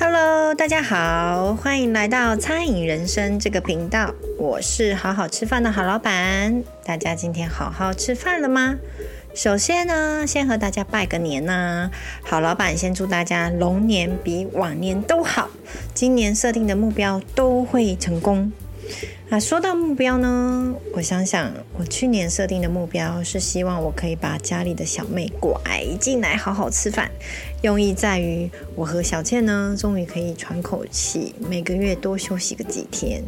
Hello，大家好，歡迎來到餐飲人生這個頻道。我是好好吃飯的好老板。大家今天好好吃飯了嗎？首先呢，先和大家拜個年吶啊。好老板，先祝大家龍年比往年都好，今年設定的目標都會成功。那說到目標呢，我想想，我去年設定的目標是希望我可以把家裡的小妹拐進來好好吃飯，用意在於我和小倩呢，終於可以喘口氣，每個月多休息個幾天。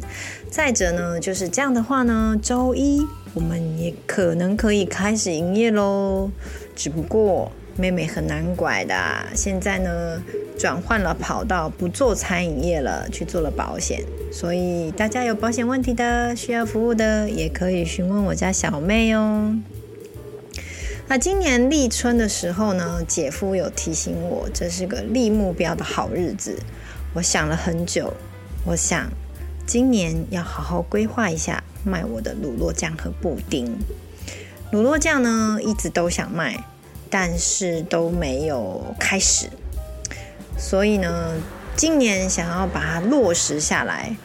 再者呢，就是這樣的話呢，周一我們也可能可以開始營業嘍。只不過。妹妹很難拐的，啊，現在呢，轉換了跑道，不做餐飲業了，去做了保險。所以大家有保險問題的，需要服務的，也可以詢問我家小妹哦。那今年立春的時候呢，姐夫有提醒我，這是個立目標的好日子。我想了很久，我想今年要好好規劃一下賣我的乳酪醬和布丁。乳酪醬呢，一直都想賣。但是都沒有開始，所以呢，今年想要把它落實下來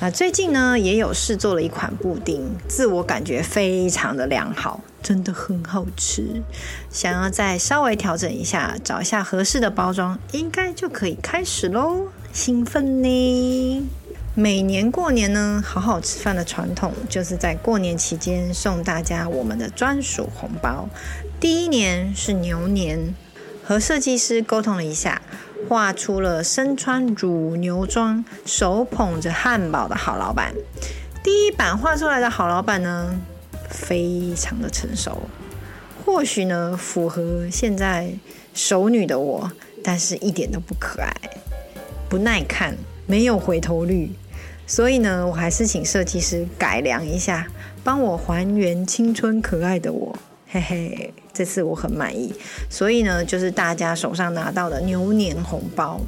啊、呃！最近呢，也有試做了一款布丁，自我感覺非常的良好，真的很好吃。想要再稍微調整一下，找一下合適的包裝，應該就可以開始嘍！興奮呢！每年過年呢，好好吃飯的傳統，就是在過年期間送大家我們的專屬紅包。第一年是牛年，和設計師溝通了一下，畫出了身穿乳牛裝、手捧着漢堡的好老板。第一版畫出來的好老板呢，非常的成熟，或許呢，符合現在熟女的我，但是一點都不可愛，不耐看，沒有回頭率，所以呢，我還是請設計師改良一下，幫我還原青春可愛的我。嘿嘿，這次我很滿意，所以呢，就是大家手上拿到的牛年紅包。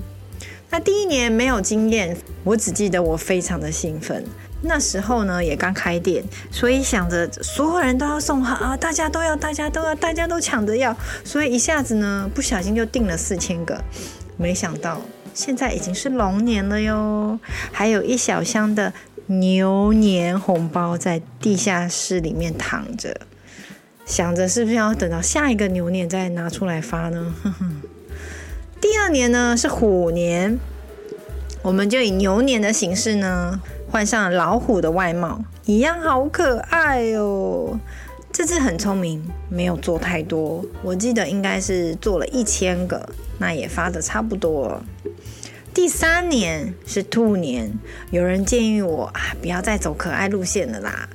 那第一年沒有經驗，我只記得我非常的興奮。那時候呢，也剛開店，所以想着所有人都要送啊，大家都要，大家都要，大家都搶着要，所以一下子呢，不小心就訂了四千個。沒想到現在已經是龍年了喲，還有一小箱的牛年紅包在地下室裡面躺着。想着是不是要等到下一個牛年再拿出來發呢？呵呵，第二年呢是虎年，我們就以牛年的形式呢換上了老虎的外貌，一樣好可愛哦。這次很聰明，沒有做太多，我記得應該是做了一千個，那也發得差不多。第三年是兔年，有人建議我啊，不要再走可愛路線了啦。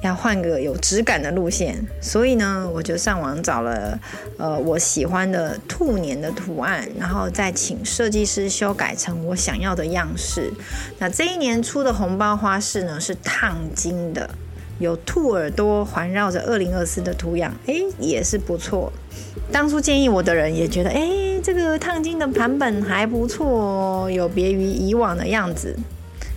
要換個有質感的路線，所以呢，我就上網找了，呃，我喜歡的兔年的圖案，然後再請設計師修改成我想要的樣式。那這一年出的紅包花式呢，是燙金的，有兔耳朵環繞着二零二四的圖樣，誒、欸，也是不錯。當初建議我的人也覺得，誒、欸，這個燙金的版本還不錯，哦，有別於以往的樣子。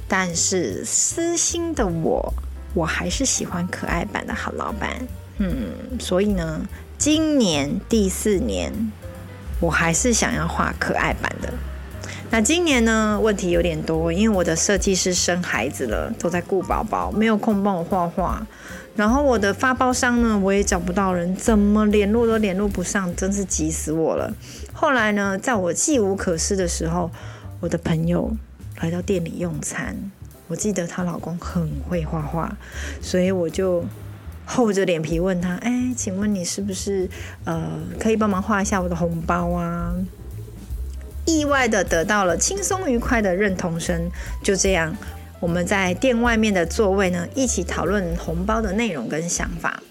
但是私心的我。我還是喜歡可愛版的好老板，嗯，所以呢，今年第四年，我還是想要畫可愛版的。那今年呢，問題有點多，因為我的設計師生孩子了，都在顧寶寶，沒有空幫我畫畫。然後我的發包商呢，我也找不到人，怎麼聯絡都聯絡不上，真是急死我了。後來呢，在我計無可施的時候，我的朋友來到店裡用餐。我記得她老公很會畫畫，所以我就厚着臉皮問他：“誒，請問你是不是呃，可以幫忙畫一下我的紅包啊？”意外的得到了輕鬆愉快的認同聲。就這樣，我們在店外面的座位呢，一起討論紅包的內容跟想法。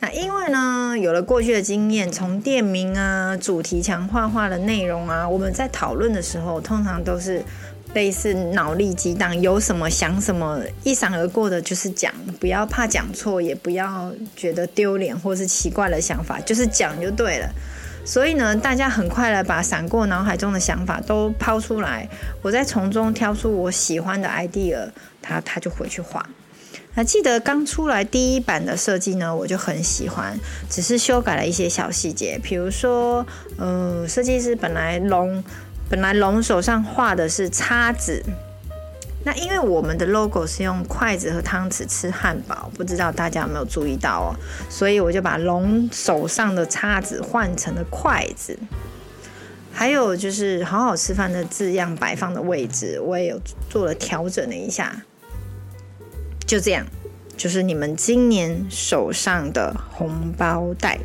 那因為呢，有了過去的經驗，從店名啊、主題牆畫畫的內容啊，我們在討論的時候，通常都是，類似腦力激盪，有什麼想什麼，一閃而過的，就是講，不要怕講錯，也不要覺得丟臉或是奇怪的想法，就是講就對了。所以呢，大家很快的把閃過腦海中的想法都拋出來，我再從中挑出我喜歡的 idea，他他就回去畫。還記得剛出來第一版的設計呢，我就很喜歡，只是修改了一些小細節，比如說，嗯、呃，設計師本來龍。本來龍手上畫的是叉子，那因為我們的 logo 是用筷子和湯匙吃漢堡，不知道大家有沒有注意到哦？所以我就把龍手上的叉子換成了筷子，還有就是“好好吃飯”的字樣擺放的位置，我也有做了調整了一下。就這樣，就是你們今年手上的紅包袋。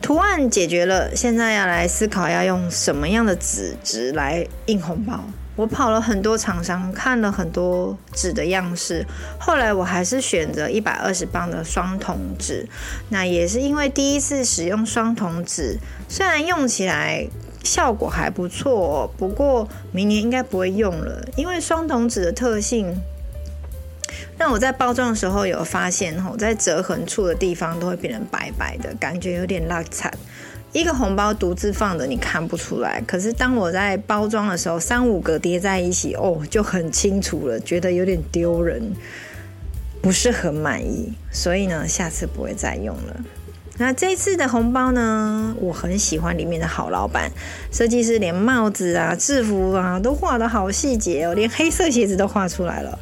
圖案解決了，現在要來思考要用什麼樣的紙質來印紅包。我跑了很多廠商，看了很多紙的樣式，後來我還是選擇一百二十磅的雙銅紙。那也是因為第一次使用雙銅紙，雖然用起來效果還不錯，不過明年應該不會用了，因為雙銅紙的特性。那我在包裝的時候有發現，吼，在折痕處的地方都會變成白白的，感覺有點落慘。一個紅包獨自放的你看不出來，可是當我在包裝的時候，三五個疊在一起，哦，就很清楚了，覺得有點丟人，不是很滿意，所以呢，下次不會再用了。那這次的紅包呢，我很喜歡裡面的好老闆，設計師連帽子啊、製服啊都畫的好細節哦，連黑色鞋子都畫出來了。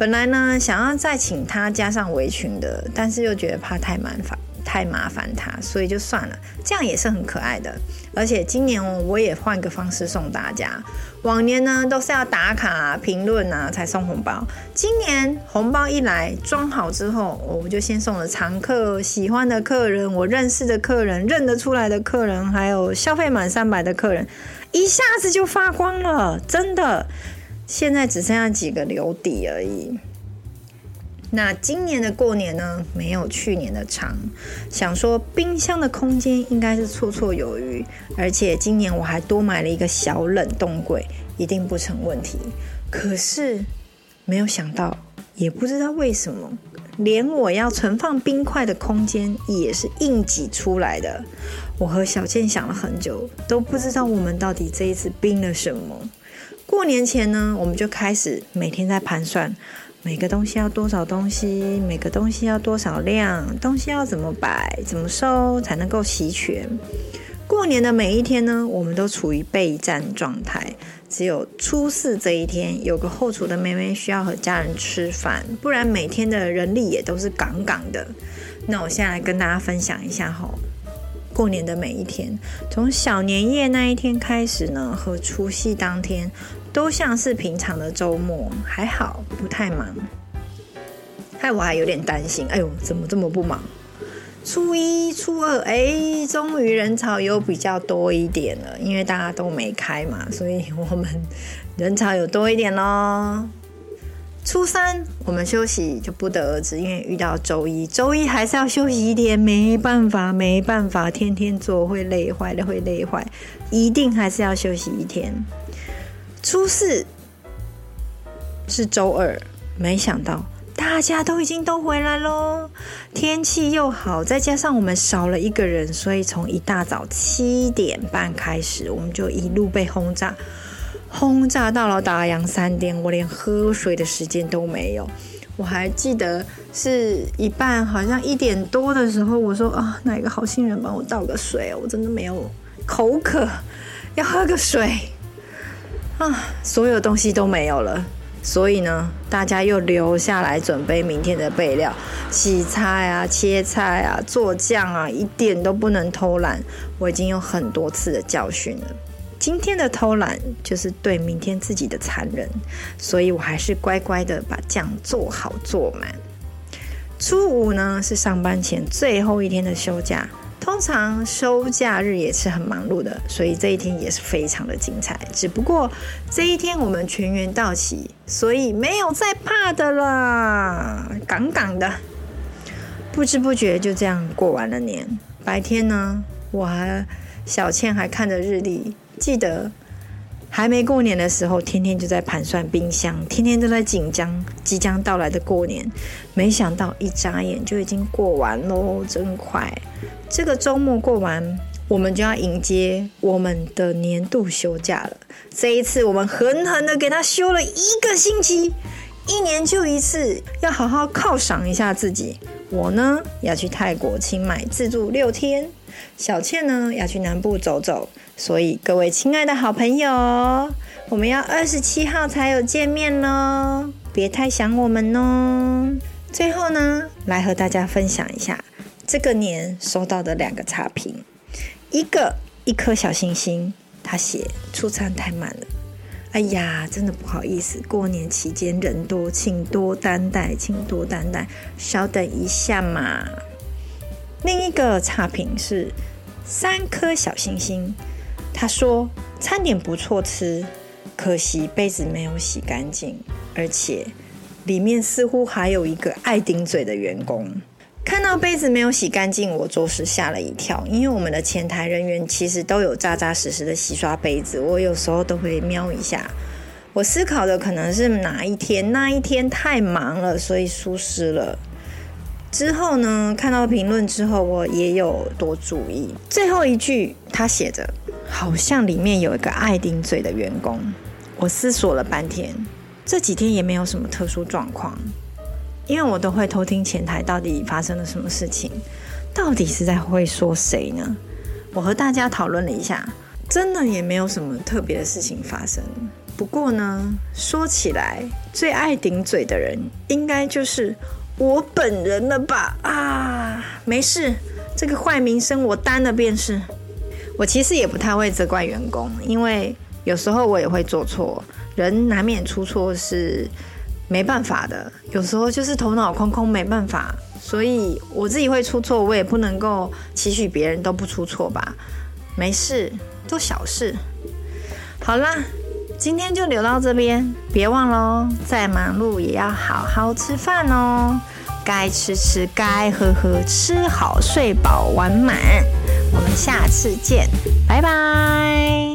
本來呢，想要再請他加上圍裙的，但是又覺得怕太麻煩，太麻煩他，所以就算了。這樣也是很可愛的。而且今年、哦、我也換個方式送大家。往年呢都是要打卡、啊、評論啊才送紅包，今年紅包一來，裝好之後，我就先送了常客、喜歡的客人、我認識的客人、認得出來的客人，還有消費滿三百的客人，一下子就發光了，真的。現在只剩下幾個留底而已，那今年的過年呢，沒有去年的長。想說冰箱的空間應該是綽綽有餘，而且今年我還多買了一個小冷凍櫃，一定不成問題。可是沒有想到，也不知道為什麼，連我要存放冰塊的空間也是硬擠出來的。我和小倩想了很久，都不知道我們到底這一次冰了什麼。過年前呢，我們就開始每天在盤算，每個東西要多少東西，每個東西要多少量，東西要怎麼擺、怎麼收才能夠齊全。過年的每一天呢，我們都處於備戰狀態，只有初四這一天有個後廚的妹妹需要和家人吃飯，不然每天的人力也都是槓槓的。那我現在來跟大家分享一下吼。過年的每一天，從小年夜那一天開始呢，和除夕當天，都像是平常的週末，還好不太忙。害，我還有點擔心，哎呦，怎麼這麼不忙？初一、初二，哎、欸，終於人潮有比較多一點了，因為大家都沒開嘛，所以我們人潮有多一點咯。初三我們休息就不得而知，因為遇到週一，週一還是要休息一點，沒辦法，沒辦法，天天做會累壞的，會累壞，一定還是要休息一天。初四是週二，沒想到大家都已經都回來嘍，天氣又好，再加上我們少了一個人，所以從一大早七點半開始，我們就一路被轟炸。轟炸到了打烊三點，我連喝水的時間都沒有。我還記得是一半，好像一點多的時候，我說啊，哪個好心人幫我倒個水哦，我真的沒有口渴，要喝個水啊，所有東西都沒有了。所以呢，大家又留下來準備明天的備料，洗菜啊、切菜啊、做醬啊，一點都不能偷懶。我已經有很多次的教訓了。今天的偷懶就是對明天自己的殘忍，所以我還是乖乖的把醬做好做滿。初五呢，是上班前最後一天的休假，通常休假日也是很忙碌的，所以這一天也是非常的精彩。只不過這一天我們全員到齊，所以沒有再怕的啦，槓槓的。不知不覺就這樣過完了年。白天呢，我和小倩還看着日曆。記得還沒過年的時候，天天就在盤算冰箱，天天都在緊張即將到來的過年。沒想到一眨眼就已經過完嘍，真快！這個周末過完，我們就要迎接我們的年度休假了。這一次，我們狠狠的給他休了一個星期，一年就一次，要好好犒賞一下自己。我呢，要去泰國清邁自助六天；小倩呢，要去南部走走。所以，各位親愛的好朋友，我們要二十七號才有見面咯，別太想我們哦。最後呢，來和大家分享一下這個年收到的兩個差評：一個一顆小星星，他寫出餐太慢了。哎呀，真的不好意思，過年期間人多，請多擔待，請多擔待，稍等一下嘛。另一個差評是三顆小星星。他說：“餐點不錯吃，可惜杯子沒有洗乾淨，而且裡面似乎還有一個愛頂嘴的員工。”看到杯子沒有洗乾淨，我着實嚇了一跳，因為我們的前台人員其實都有扎扎實實的洗刷杯子，我有時候都會瞄一下。我思考的可能是哪一天，那一天太忙了，所以疏失了。之後呢，看到評論之後，我也有多注意。最後一句，他寫着，好像裡面有一個愛頂嘴的員工，我思索了半天，這幾天也沒有什麼特殊狀況，因為我都會偷聽前台到底發生了什麼事情，到底是在會說誰呢？我和大家討論了一下，真的也沒有什麼特別的事情發生。不過呢，說起來最愛頂嘴的人，應該就是我本人了吧？啊，沒事，這個壞名聲我擔了便是。我其實也不太會責怪員工，因為有時候我也會做錯，人難免出錯是沒辦法的，有時候就是頭腦空空沒辦法，所以我自己會出錯，我也不能夠期許別人都不出錯吧。沒事，都小事。好啦，今天就聊到這邊，別忘嘍，再忙碌也要好好吃飯哦，該吃吃，該喝喝，吃好睡飽玩滿。我們下次見，拜拜。